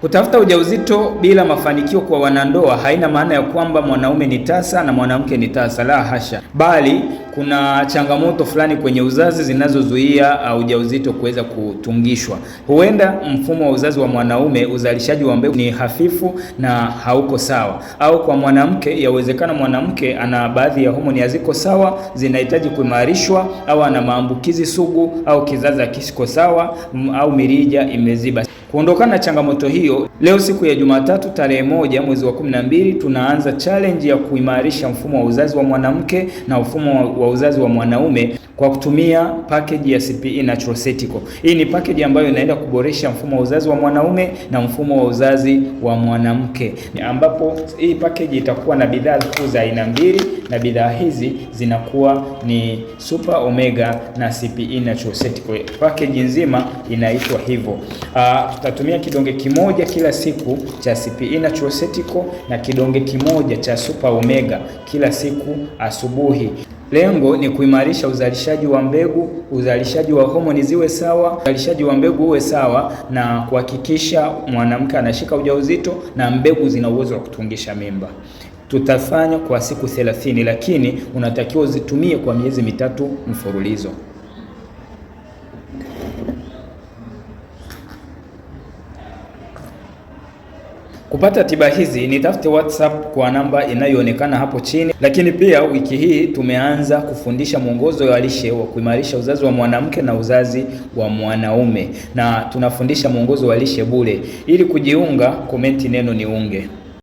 Kutafuta ujauzito bila mafanikio kwa wanandoa haina maana ya kwamba mwanaume ni tasa na mwanamke ni tasa, la hasha, bali kuna changamoto fulani kwenye uzazi zinazozuia uh, ujauzito kuweza kutungishwa. Huenda mfumo wa uzazi wa mwanaume, uzalishaji wa mbegu ni hafifu na hauko sawa, au kwa mwanamke, yawezekana mwanamke ana baadhi ya homoni haziko sawa, zinahitaji kuimarishwa, au ana maambukizi sugu, au kizazi kisiko sawa, au mirija imeziba. Kuondokana na changamoto hiyo, leo siku ya Jumatatu tarehe moja mwezi wa 12 tunaanza challenge ya kuimarisha mfumo wa uzazi wa mwanamke na mfumo wa uzazi wa mwanaume kwa kutumia package ya CPE Natural Hii ni package ambayo inaenda kuboresha mfumo wa uzazi wa mwanaume na mfumo wa uzazi wa mwanamke, ambapo hii package itakuwa na bidhaa kuu za aina mbili, na bidhaa hizi zinakuwa ni Super Omega na CPE Natural Package nzima inaitwa hivyo. Ah, tutatumia kidonge kimoja kila siku cha CPE Natural na kidonge kimoja cha Super Omega kila siku asubuhi. Lengo ni kuimarisha uzalishaji wa mbegu, uzalishaji wa homoni ziwe sawa, uzalishaji wa mbegu uwe sawa, na kuhakikisha mwanamke anashika ujauzito na mbegu zina uwezo wa kutungisha mimba. Tutafanya kwa siku 30, lakini unatakiwa uzitumie kwa miezi mitatu mfululizo. Kupata tiba hizi nitafute WhatsApp kwa namba inayoonekana hapo chini. Lakini pia wiki hii tumeanza kufundisha mwongozo wa lishe wa kuimarisha uzazi wa mwanamke na uzazi wa mwanaume, na tunafundisha mwongozo wa lishe bure. Ili kujiunga, komenti neno niunge.